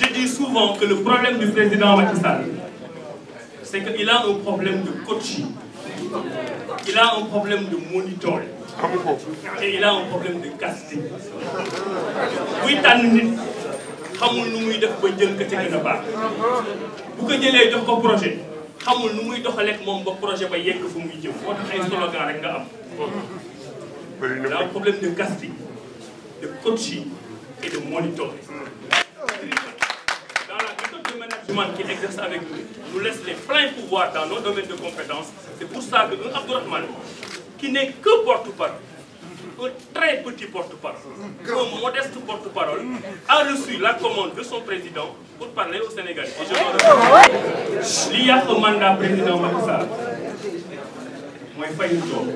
je dis souvent que le problème du président Macky Sall, c'est qu'il a un problème de coaching, il a un problème de monitoring, et il a un problème de casting. buy tànn nit xamul nu muy def ba jël ka ca gën a bu ko jëlee jox ko projet xamul nu muy doxalee ak moom ba projet ba yegg fu muy jëm moo tax ay slogan rek nga am. il a un problème de casting, de coaching et de monitoring. Ousmane qui exerce avec nous nous laisse les pleins pouvoirs dans nos domaines de compétences. C'est pour ça que un Abdourahmane qui n'est que porte-parole, un très petit porte-parole, un modeste a reçu la commande de son président pour parler au Sénégal. Et je remercie. Li yàq mandat président Macky Sall mooy fayu toog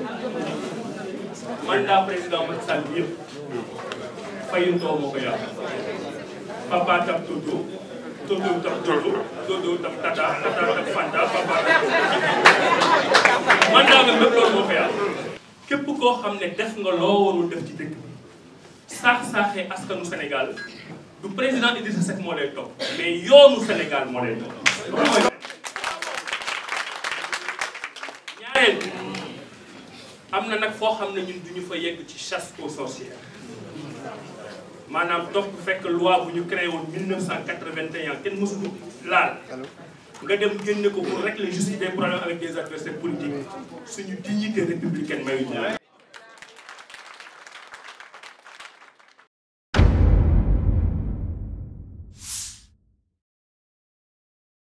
mandat président Macky Sall yëpp fayu toog moo ko yàq Papa Tap Toto Dodo tam Dodo Dodo tam Tata Tata tam Fanta Papa man daal la lépp loolu moo koy am képp koo xam ne def nga loo warul def ci dëkk bi saax-saaxee askanu Sénégal du président Idrissa Seck moo lay topp mais yoonu Sénégal moo lay topp ñaareel am na nag foo xam ne ñun duñu fa yegg ci chasse aux sorcières maanaam topp fekk loi bu ñu créé woon 1981 kenn mësu ko laal nga dem génne ko pour régler juste des problèmes avec des adversaires politiques suñu dignité républicaine mayu ñu